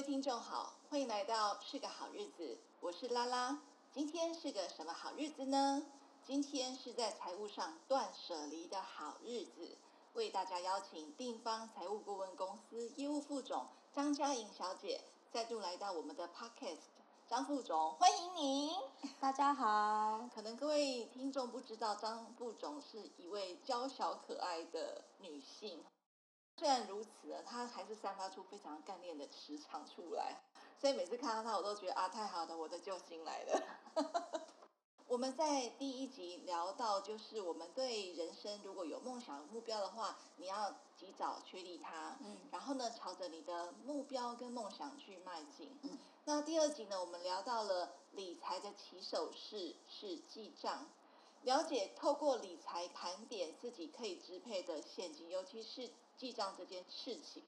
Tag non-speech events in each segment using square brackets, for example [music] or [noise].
各位聽眾好，歡迎來到是個好日子，我是拉拉。今天是個什麼好日子呢？今天是在財務上斷捨離的好日子。為大家邀請定方財務顧問公司業務副總張佳瑩小姐再度來到我們的 Podcast，張副總，歡迎您。大家好，可能各位聽眾不知道，張副總是一位嬌小可愛的女性。雖然如此，他還是散發出非常幹練的磁場出來。所以每次看到他，我都覺得啊，太好了，我的救星來了。 [laughs] 我們在第一集聊到，就是我們對人生如果有夢想目標的話，你要及早確立它。嗯。然後呢，朝着你的目標跟夢想去邁進。嗯。那第二集呢，我們聊到了理財的起手式是，是記賬，了解透過理財盤點自己可以支配的現金，尤其是。記賬這件事情，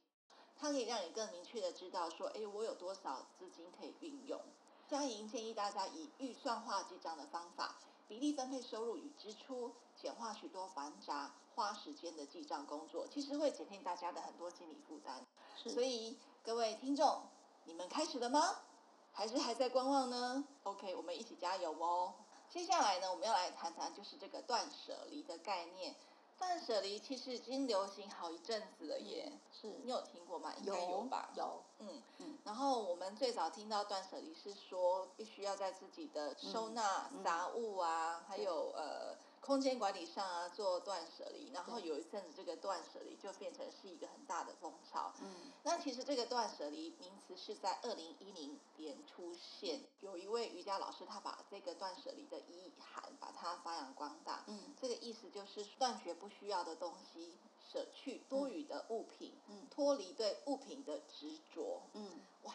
它可以讓你更明確地知道說，誒，我有多少資金可以運用。佳瑩建議大家以預算化記賬的方法，比例分配收入與支出，簡化許多繁雜花時間的記賬工作，其實會減輕大家的很多心理負擔。是，所以各位聽眾，你們開始了嗎？還是還在觀望呢？OK，我們一起加油哦。接下來呢，我們要來談談就是這個斷捨離的概念。斷捨離其實已經流行好一陣子了，耶！嗯、是，你有聽過嗎？有，應該有吧？有，嗯嗯，嗯。然後我們最早聽到斷捨離是說，必須要在自己的收納雜物啊，嗯、還有、嗯、呃。空間管理上啊，做斷捨離，然後有一陣子這個斷捨離就變成是一個很大的風潮。嗯，那其實這個斷捨離名詞是在二零一零年出現，嗯，有一位瑜伽老師他把這個斷捨離的意涵把它發揚光大。嗯，這個意思就是斷絕不需要的東西，捨去多餘的物品，嗯，脫離對物品的執着。嗯，哇，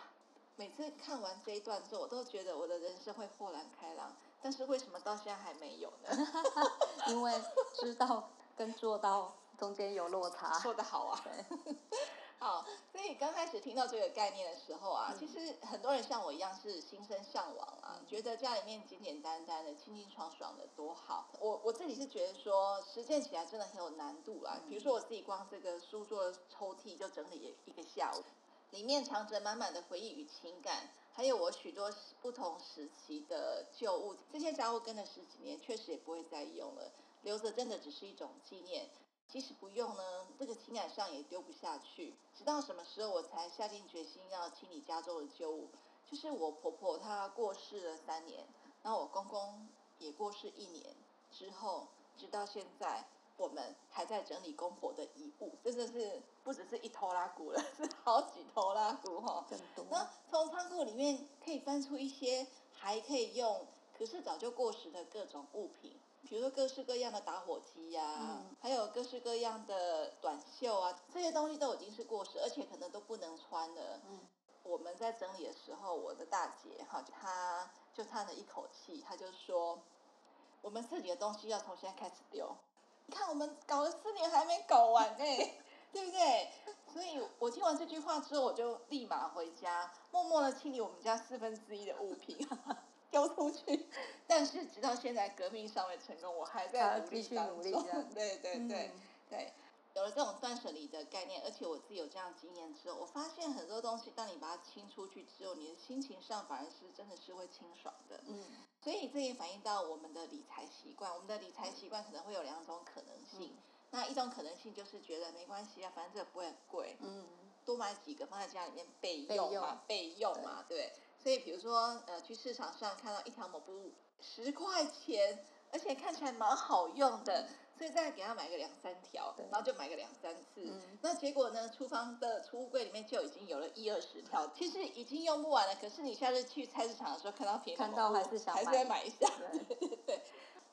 每次看完這一段之後，我都覺得我的人生會豁然開朗。但是為什麼到現在還沒有呢？ [laughs] [laughs] 因為知道跟做到中間有落差。做得好啊。對。好，所以剛開始聽到這個概念的時候啊，嗯、其實很多人像我一樣是心生向往啊，嗯、覺得家裡面簡簡單單的、清清爽爽的多好。我我自己是覺得說，實踐起來真的很有難度啊。嗯、比如說我自己光這個書桌抽屜就整理了一個下午，裡面藏着滿滿的回憶與情感。還有我許多不同時期的舊物，這些雜物跟了十幾年，確實也不會再用了，留着真的只是一種紀念。即使不用呢，這個情感上也丟不下去。直到什麼時候，我才下定決心要清理家中的舊物。就是我婆婆她過世了三年，然後我公公也過世一年之後，直到現在。我們還在整理公婆的遺物，真的是不只是一頭拉鼓了，是好幾頭拉鼓哈。那從倉庫裡面可以翻出一些還可以用，可是早就過時的各種物品，比如說各式各樣的打火機呀、啊嗯，還有各式各樣的短袖啊，這些東西都已經是過時，而且可能都不能穿了。嗯、我們在整理的時候，我的大姐哈，她就嘆了一口氣，她就說：“我們自己的東西要從現在開始丟。”你看，我們搞了四年還沒搞完呢， [laughs] 對不對？所以，我聽完這句話之後，我就立馬回家，默默的清理我們家四分之一的物品，哈哈丟出去。但是，直到現在，革命尚未成功，我還在努力當中。啊、努力對對對、嗯、對，有了這種斷捨離的概念，而且我自己有這樣的經驗之後，我發現很多東西，當你把它清出去之後，你的心情上反而是真的是會清爽的。嗯。所以這也反映到我們的理財習慣，我們的理財習慣可能會有兩種可能性、嗯。那一種可能性就是覺得沒關係啊，反正這個不會很貴，嗯，多買幾個放在家裡面備用嘛，備用,備用嘛對，對。所以比如說，呃，去市場上看到一條抹布十塊錢，而且看起來蠻好用的。所以再給他買個兩三條，然後就買個兩三次。嗯、那結果呢？廚房的儲物櫃裡面就已經有了一二十條，其實已經用不完了。可是你下次去菜市場的時候看到便宜，看到還是想買，還是買一下。對，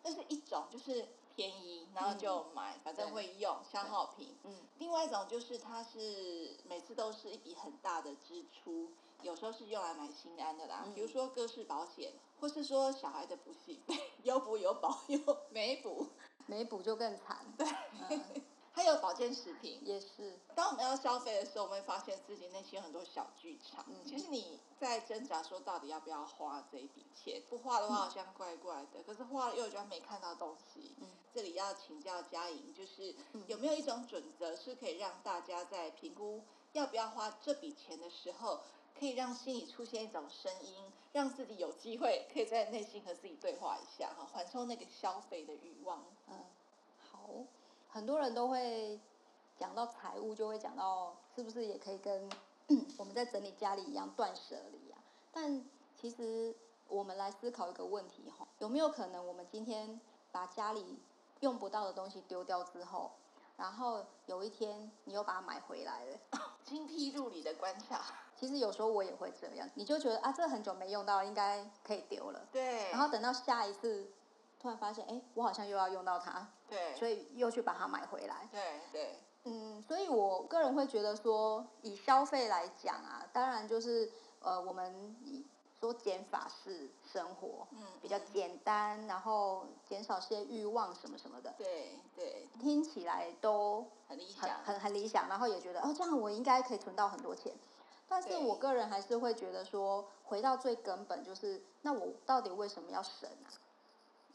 那是一種就是便宜，然後就買，嗯、反正會用消耗品。嗯，另外一種就是它是每次都是一筆很大的支出，有時候是用來買心安的啦，比、嗯、如說各式保險，或是說小孩的補習有補有保有沒補。沒補就更慘，對、嗯。還有保健食品也是。當我們要消費的時候，我們會發現自己內心有很多小劇場。嗯。其實你在掙扎說到底要不要花這一筆錢？不花的話好像怪怪的，嗯、可是花了又覺得還沒看到東西。嗯。這裡要請教佳瑩，就是有沒有一種準則，是可以讓大家在評估要不要花這筆錢的時候，可以讓心裡出現一種聲音？讓自己有機會可以在內心和自己對話一下哈，緩衝那個消費的慾望。嗯，好，很多人都會講到財務，就會講到是不是也可以跟我們在整理家裡一樣斷捨離啊？但其實我們來思考一個問題哈，有沒有可能我們今天把家裡用不到的東西丟掉之後？然後有一天，你又把它買回來了，精闢入理的觀察。其實有時候我也會這樣，你就覺得啊，這很久沒用到，應該可以丟了。對。然後等到下一次，突然發現，哎，我好像又要用到它。對。所以又去把它買回來。對對。嗯，所以我個人會覺得說，以消費來講啊，當然就是呃，我們。多減法式生活，嗯，比較簡單、嗯，然後減少些欲望什麼什麼的，對對，聽起來都很,很理想，很很理想。然後也覺得哦，這樣我應該可以存到很多錢。但是我個人還是會覺得說，回到最根本，就是那我到底為什麼要省啊？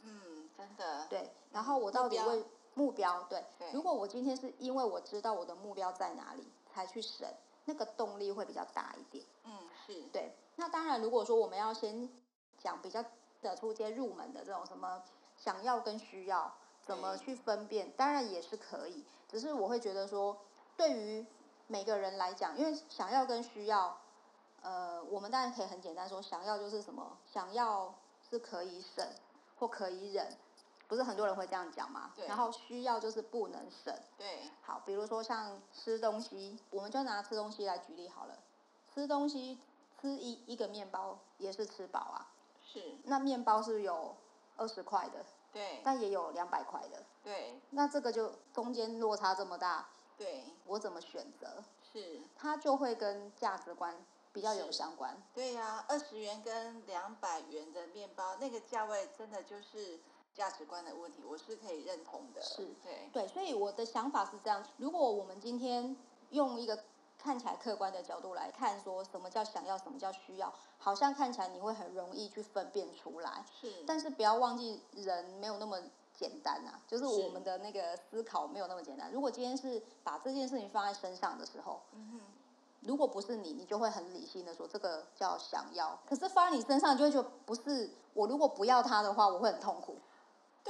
嗯，真的。對，然後我到底為目標,目標對對？對，如果我今天是因為我知道我的目標在哪裡才去省，那個動力會比較大一點。嗯，是。對。那當然，如果說我們要先講比較的初階入門的這種什麼想要跟需要，怎麼去分辨，當然也是可以。只是我會覺得說，對於每個人來講，因為想要跟需要，呃，我們當然可以很簡單說，想要就是什麼，想要是可以省或可以忍，不是很多人會這樣講嗎？對。然後需要就是不能省。對。好，比如說像吃東西，我們就拿吃東西來舉例好了，吃東西。吃一一個麵包也是吃飽啊，是。那麵包是有二十塊的，對。但也有兩百塊的，對。那這個就中間落差這麼大，對。我怎麼選擇？是。它就會跟價值觀比較有相關。對呀、啊，二十元跟兩百元的麵包，那個價位真的就是價值觀的問題，我是可以認同的。是對。對，所以我的想法是這樣：如果我們今天用一個，看起來客觀的角度來看說，說什麼叫想要，什麼叫需要，好像看起來你會很容易去分辨出來。是，但是不要忘記，人沒有那麼簡單吶、啊。就是我們的那個思考沒有那麼簡單。如果今天是把這件事情放在身上的時候，嗯哼，如果不是你，你就會很理性的說這個叫想要，可是放在你身上就會覺得不是。我如果不要它的話，我會很痛苦。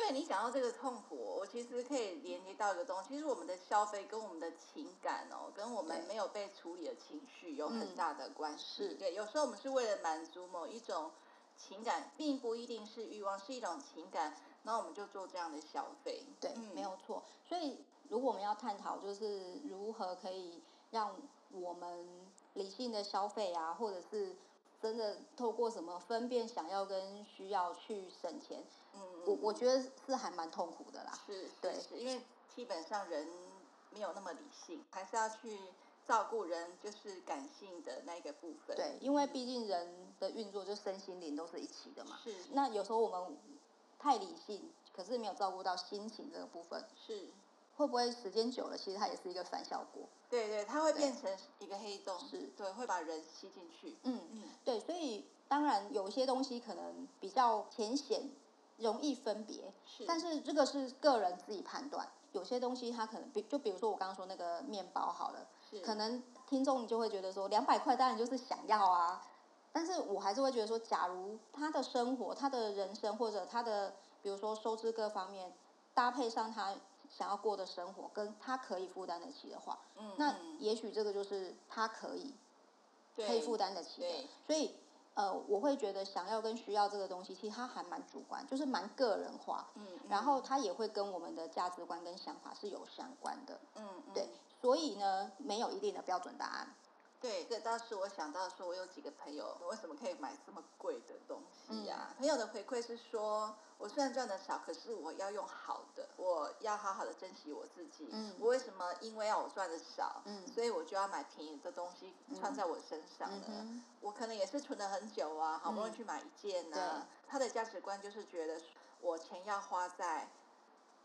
對，你講到這個痛苦，我其實可以連接到一個東西。其實我們的消費跟我們的情感哦，跟我們沒有被處理的情緒有很大的關係。嗯、對，有時候我們是為了滿足某一種情感，並不一定是慾望，是一種情感，那我們就做這樣的消費。對、嗯，沒有錯。所以如果我們要探討，就是如何可以讓我們理性的消費啊，或者是。真的透過什麼分辨想要跟需要去省錢，嗯，我我覺得是還蠻痛苦的啦。是，對，是是，因為基本上人沒有那麼理性，還是要去照顧人，就是感性的那個部分。對，因為畢竟人的運作就身心靈都是一起的嘛。是。那有時候我們太理性，可是沒有照顧到心情這個部分。是。會不會時間久了，其實它也是一個反效果？對對，它會變成一個黑洞，對，是對，會把人吸進去。嗯嗯，對，所以當然有一些東西可能比較淺顯，容易分別，但是這個是個人自己判斷。有些東西它可能比就比如說我剛剛說那個麵包好了，是可能聽眾就會覺得說，兩百塊當然就是想要啊，但是我還是會覺得說，假如他的生活、他的人生或者他的比如說收支各方面搭配上他。想要過的生活，跟他可以負擔得起的話，嗯，那也許這個就是他可以，對，可以負擔得起的。對，所以，呃，我會覺得想要跟需要這個東西，其實他還蠻主觀，就是蠻個人化。嗯，然後他也會跟我們的價值觀跟想法是有相關的。嗯，對，所以呢，沒有一定的標準答案。對，這當時我想到說，我有幾個朋友，我為什麼可以買這麼貴的東西？朋友的回饋是說，我雖然賺得少，可是我要用好的，我要好好的珍惜我自己。嗯，我為什麼因為要我賺得少，嗯，所以我就要買便宜的東西、嗯、穿在我身上呢？嗯、我可能也是存了很久啊，好不容易去買一件呢。他、嗯、的價值觀就是覺得，我錢要花在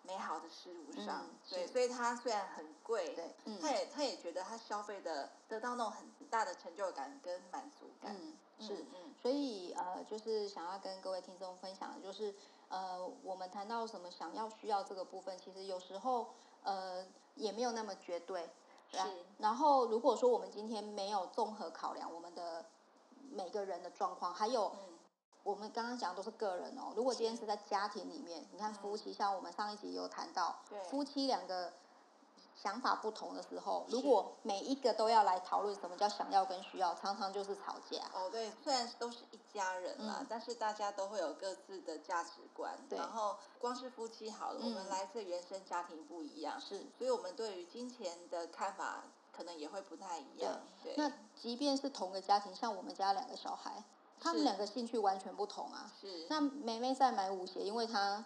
美好的事物上，嗯、對，所以他雖然很貴，對，他、嗯、也他也覺得他消費得得，得到那種很大的成就感跟滿足感。嗯。是，所以呃，就是想要跟各位聽眾分享的就是呃，我們談到什麼想要需要這個部分，其實有時候呃也沒有那麼絕對。對、啊，然後如果說我們今天沒有綜合考量我們的每個人的狀況，還有、嗯、我們剛剛講的都是個人哦。如果今天是在家庭裡面，你看夫妻，像我們上一集有談到，嗯、對夫妻兩個。想法不同的時候，如果每一個都要來討論什麼叫想要跟需要，常常就是吵架。哦，對，雖然都是一家人嘛、嗯，但是大家都會有各自的價值觀。對。然後光是夫妻好了、嗯，我們來自原生家庭不一樣，是，所以我們對於金錢的看法可能也會不太一樣，對。對。那即便是同個家庭，像我們家兩個小孩，他們兩個興趣完全不同啊。是。那妹妹在買舞鞋，因為她。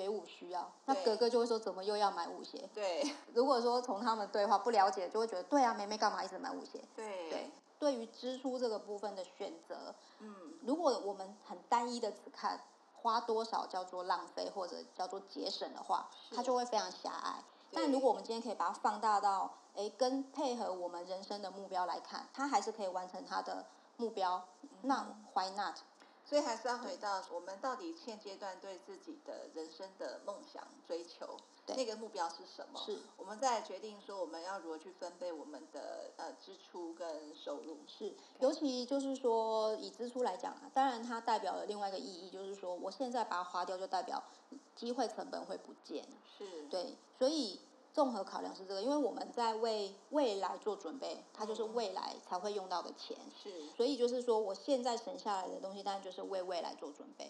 學舞需要，那哥哥就會說怎麼又要買舞鞋？對。如果說從他們對話不了解，就會覺得對啊，妹妹幹嘛一直買舞鞋？對。對。對於支出這個部分的選擇，嗯，如果我們很單一的只看花多少叫做浪費或者叫做節省的話，他就會非常狹隘。但如果我們今天可以把它放大到，誒，跟配合我們人生的目標來看，他還是可以完成他的目標。嗯、那 why not？所以還是要回到我們到底現階段對自己的人生的夢想追求，對，那個目標是什麼？是我們在決定說我們要如何去分配我們的呃支出跟收入。是，尤其就是說以支出來講啊，當然它代表了另外一個意義，就是說我現在把它花掉，就代表機會成本會不見。是。對，所以。綜合考量是這個，因為我們在為未來做準備，它就是未來才會用到的錢，是。所以就是說，我現在省下來的東西，當然就是為未來做準備。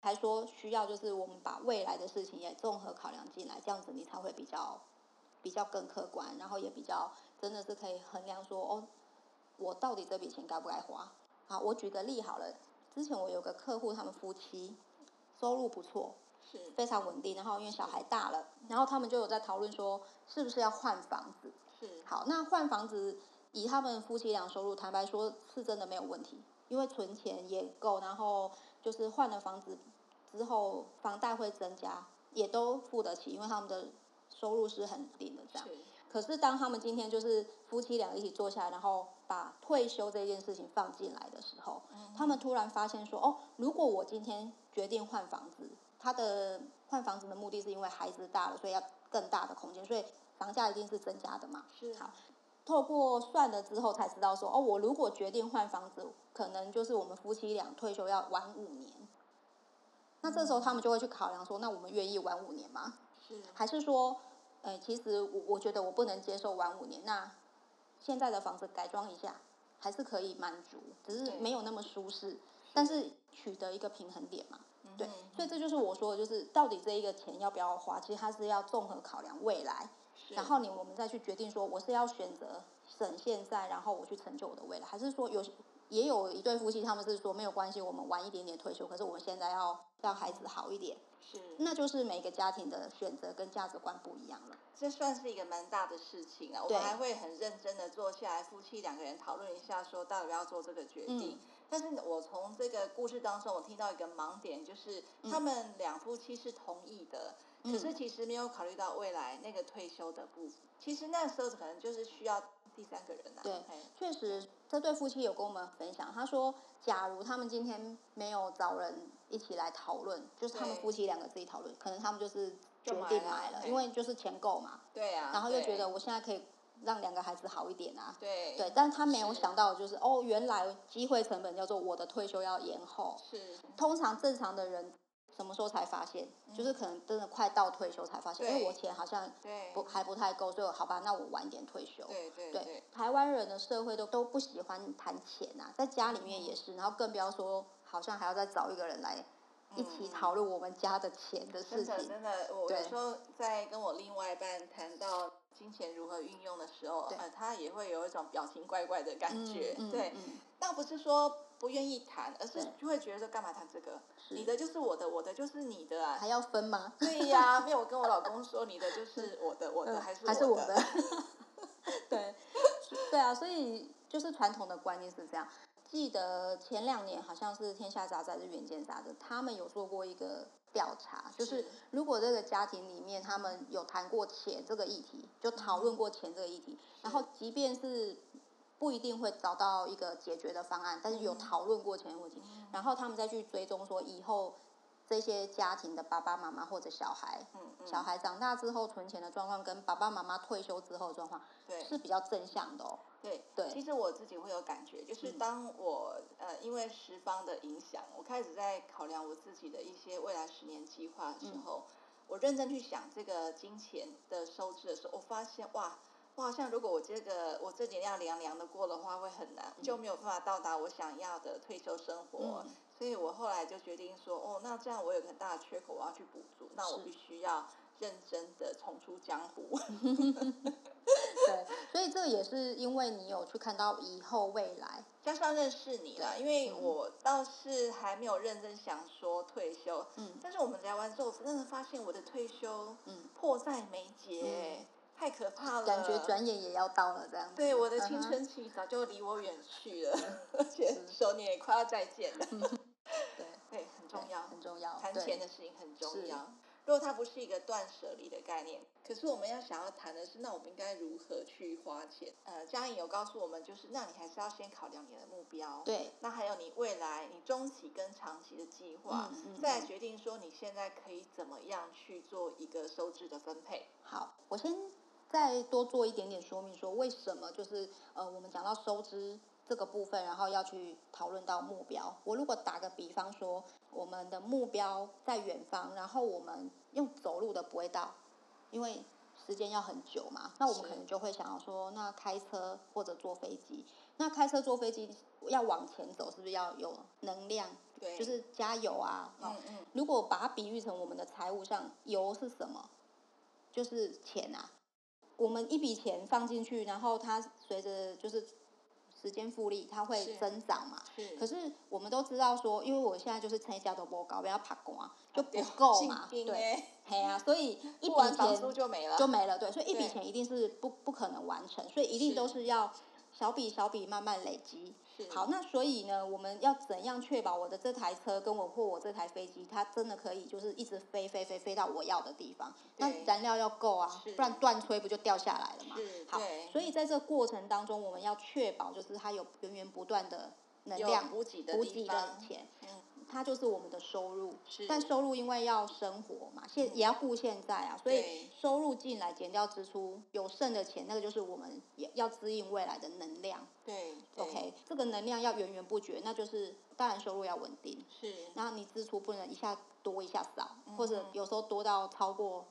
還說需要就是我們把未來的事情也綜合考量進來，這樣子你才會比較，比較更客觀，然後也比較真的是可以衡量說哦，我到底這筆錢該不該花？好，我舉個例好了，之前我有個客戶，他們夫妻收入不錯。非常穩定，然後因為小孩大了，然後他們就有在討論說，是不是要換房子？是。好，那換房子以他們夫妻倆收入，坦白說是真的沒有問題，因為存錢也夠，然後就是換了房子之後，房貸會增加，也都付得起，因為他們的收入是很低的。這樣。可是當他們今天就是夫妻倆一起坐下來，然後把退休這件事情放進來的時候，嗯、他們突然發現說，哦，如果我今天決定換房子。他的換房子的目的是因為孩子大了，所以要更大的空間，所以房價一定是增加的嘛。是。好，透過算了之後才知道說，哦，我如果決定換房子，可能就是我們夫妻倆退休要晚五年。那這時候他們就會去考量說，那我們願意晚五年嗎？是。還是說，呃，其實我我覺得我不能接受晚五年。那現在的房子改裝一下，還是可以滿足，只是沒有那麼舒適，但是取得一個平衡點嘛。 [noise] 對，所以這就是我說的，就是到底這一個錢要不要花，其實它是要綜合考量未來，然後你我們再去決定說，我是要選擇省現在，然後我去成就我的未來，還是說有也有一對夫妻他們是說沒有關係，我們晚一點點退休，可是我現在要讓孩子好一點，是，那就是每個家庭的選擇跟價值觀不一樣了。這算是一個蠻大的事情啊，我們還會很認真的坐下來，夫妻兩個人討論一下，說到底要做這個決定。嗯但是我從這個故事當中，我聽到一個盲點，就是他們兩夫妻是同意的、嗯，可是其實沒有考慮到未來那個退休的部分。其實那時候可能就是需要第三個人啊。對，確實，這對夫妻有跟我們分享，他說，假如他們今天沒有找人一起來討論，就是他們夫妻兩個自己討論，可能他們就是決定買了，因為就是錢夠嘛。對啊，然後又覺得我現在可以。讓兩個孩子好一點啊，對，對，但他沒有想到就是，是哦，原來機會成本叫做我的退休要延後。是，通常正常的人什麼時候才發現？嗯、就是可能真的快到退休才發現，因為我錢好像不對還不太夠，所以我好吧，那我晚一點退休。對對，對，對，對，台灣人的社會都都不喜歡談錢啊，在家裡面也是，然後更不要說好像還要再找一個人來一起討論我們家的錢的事情。嗯、真的真的，我有時候在跟我另外一半談到金錢如何運用的時候，呃，他也會有一種表情怪怪的感覺。嗯、對，倒、嗯嗯、不是說不願意談，而是就會覺得說幹嘛談這個？你的就是我的，我的就是你的、啊，還要分嗎？對呀、啊，沒有我跟我老公說，你的就是我的， [laughs] 我的還是還是我的。我的 [laughs] 對， [laughs] 對啊，所以就是傳統的觀念是這樣。記得前兩年好像是《天下雜誌》還是《遠見雜誌》，他們有做過一個。調查就是，如果這個家庭裡面他們有談過錢這個議題，就討論過錢這個議題，然後即便是不一定會找到一個解決的方案，但是有討論過錢的問題，然後他們再去追蹤說以後。這些家庭的爸爸媽媽或者小孩，嗯嗯、小孩長大之後存錢的狀況，跟爸爸媽媽退休之後的狀況，是比較正向的哦，對。對，對。其實我自己會有感覺，就是當我、嗯、呃因為十方的影響，我開始在考量我自己的一些未來十年計劃的時候，嗯、我認真去想這個金錢的收支的時候，我發現哇，我好像如果我這個我自己要涼涼的過的話，會很難、嗯，就沒有辦法到達我想要的退休生活。嗯所以我後來就決定說，哦，那這樣我有個很大的缺口，我要去補足。那我必須要認真的重出江湖。 [laughs] 對，所以這也是因為你有去看到以後未來，加上認識你了，因為我倒是還沒有認真想說退休。嗯。但是我們聊完之後，真的發現我的退休嗯，迫在眉睫、嗯，太可怕了。感覺轉眼也要到了這樣子。對，我的青春期早就離我遠去了，而且熟年也快要再見了。嗯談錢的事情很重要。如果它不是一個斷捨離的概念，可是我們要想要談的是，那我們應該如何去花錢？呃，佳瑩有告訴我們，就是那你還是要先考量你的目標。對。那還有你未來、你中期跟長期的計劃，嗯嗯、再來決定說你現在可以怎麼樣去做一個收支的分配。好，我先再多做一點點說明，說為什麼就是呃，我們講到收支這個部分，然後要去討論到目標。我如果打個比方說。我們的目標在遠方，然後我們用走路的不會到，因為時間要很久嘛。那我們可能就會想要說，那開車或者坐飛機。那開車坐飛機要往前走，是不是要有能量？對，就是加油啊。哦，嗯嗯。如果把它比喻成我們的財務上，像油是什麼？就是錢啊。我們一筆錢放進去，然後它隨着就是時間複利，它會增長嘛。是。是。可是。都知道說，因為我現在就是成交都不高，要爬啊，就不夠嘛，對，對啊，所以一筆錢就沒了，就沒了，對，所以一筆錢一定是不不可能完成，所以一定都是要小筆小筆慢慢累積。好，那所以呢，我們要怎樣確保我的這台車跟我或我這台飛機，它真的可以就是一直飛飛飛飛到我要的地方？那燃料要夠啊，不然斷炊不就掉下來了嗎？好，所以在這個過程當中，我們要確保就是它有源源不斷的。能量、補給的，給的錢、嗯，它就是我們的收入。但收入因為要生活嘛，現、嗯、也要顧現在啊，所以收入進來減掉支出有剩的錢，那個就是我們也要支應未來的能量。對，對，OK，這個能量要源源不絕，那就是當然收入要穩定。是，然後你支出不能一下多一下少，嗯、或者有時候多到超過。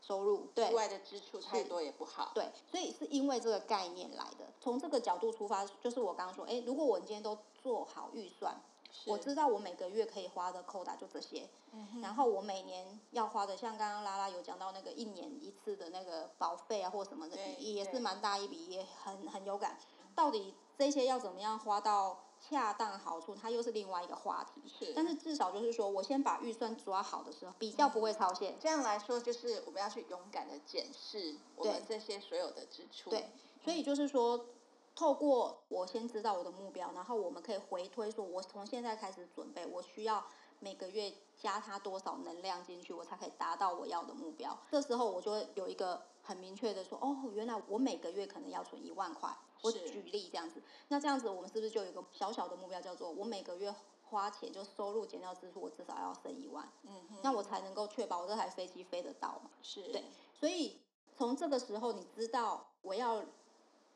收入，對，額外的支出太多也不好，對，所以是因為這個概念來的。從這個角度出發，就是我剛剛說，哎，如果我今天都做好預算，我知道我每個月可以花的扣打就這些，嗯哼，然後我每年要花的，像剛剛拉拉有講到那個一年一次的那個保費啊，或什麼的，也是蠻大一筆，也很很有感。到底這些要怎麼樣花到？恰當好處，它又是另外一個話題。是，但是至少就是說，我先把預算抓好的時候，比較不會超限。這樣來說，就是我們要去勇敢地檢視我們這些所有的支出。對、嗯，所以就是說，透過我先知道我的目標，然後我們可以回推，說我從現在開始準備，我需要每個月加它多少能量進去，我才可以達到我要的目標。這時候我就會有一個。很明確的說，哦，原來我每個月可能要存一萬塊。我舉例這樣子，那這樣子我們是不是就有一個小小的目標，叫做我每個月花錢就收入減掉支出，我至少要剩一萬。嗯哼。那我才能夠確保我這台飛機飛得到嘛。是。對。所以從這個時候，你知道我要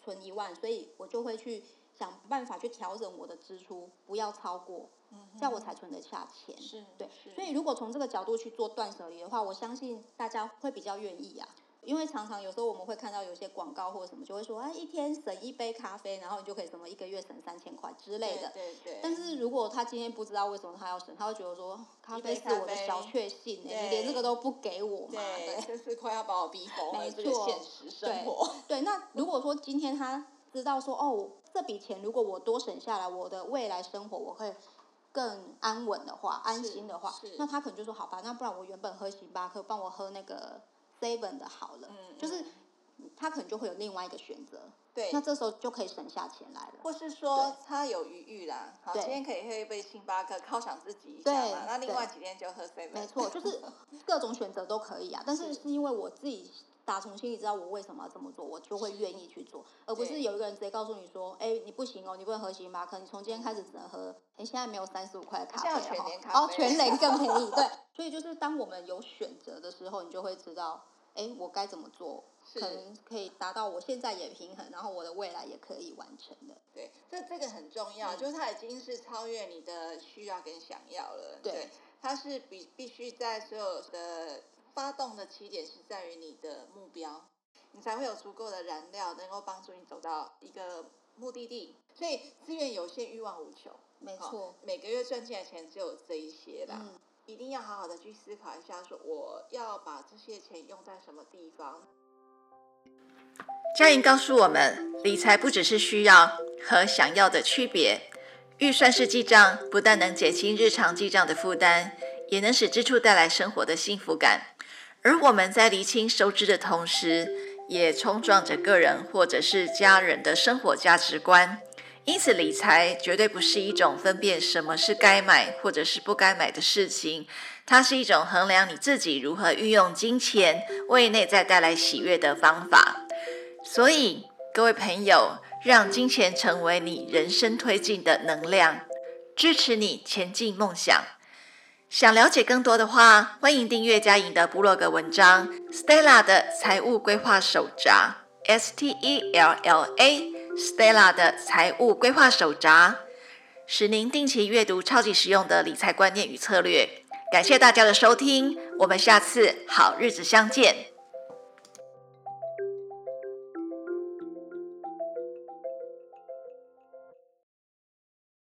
存一萬，所以我就會去想辦法去調整我的支出，不要超過。嗯哼，這樣我才存得下錢。是。是對。所以如果從這個角度去做斷舍離的話，我相信大家會比較願意啊。因為常常有時候我們會看到有些廣告或者什麼就會說啊，一天省一杯咖啡，然後你就可以什麼一個月省三千塊之類的對對對。但是如果他今天不知道為什麼他要省，他會覺得說，咖啡是我的小確幸誒，你連這個都不給我嘛？對，真是快要把我逼瘋了。沒錯，對。 [laughs] 對，那如果說今天他知道說哦，這筆錢如果我多省下來，我的未來生活我會更安穩的話，安心的話，那他可能就說好吧，那不然我原本喝星巴克，幫我喝那個。Seven 的好了，嗯嗯，就是他可能就會有另外一個選擇，對，那這時候就可以省下錢來了，或是說他有餘裕啦，好，今天可以喝一杯星巴克犒賞自己一下嘛，對，那另外幾天就喝 Seven，沒錯，就是各種選擇都可以啊。 [laughs] 但是是因為我自己打從心裡知道我為什麼要這麼做，我就會願意去做，而不是有一個人直接告訴你說，哎、欸，你不行哦，你不能喝星巴克，你從今天開始只能喝，哎、欸，現在沒有三十五塊的卡，現在全聯卡，哦，全聯更便宜， [laughs] 對，所以就是當我們有選擇的時候，你就會知道。哎，我該怎麼做？是，可能可以達到我現在也平衡，然後我的未來也可以完成的。對，這這個很重要，嗯、就是它已經是超越你的需要跟想要了。對，對，它是必必須在所有的發動的起點是在於你的目標，你才會有足夠的燃料，能夠幫助你走到一個目的地。所以資源有限，欲望無窮。沒錯、哦，每個月賺進來錢只有這一些了。嗯。一定要好好的去思考一下，說我要把這些錢用在什麼地方。佳瑩告訴我們，理財不只是需要和想要的區別，預算式記賬，不但能減輕日常記賬的負擔，也能使支出帶來生活的幸福感。而我們在釐清收支的同時，也衝撞着個人或者是家人的生活價值觀。因此，理財絕對不是一種分辨什麼是該買或者是不該買的事情，它是一種衡量你自己如何運用金錢為內在帶來喜悅的方法。所以，各位朋友，讓金錢成為你人生推進的能量，支持你前進夢想。想了解更多的話，歡迎訂閱佳瑩的部落格文章，Stella 的財務規劃手札，S T E L L A。Stella 的財務規劃手札，使您定期閱讀超級實用的理財觀念與策略。感謝大家的收聽，我們下次好日子相見。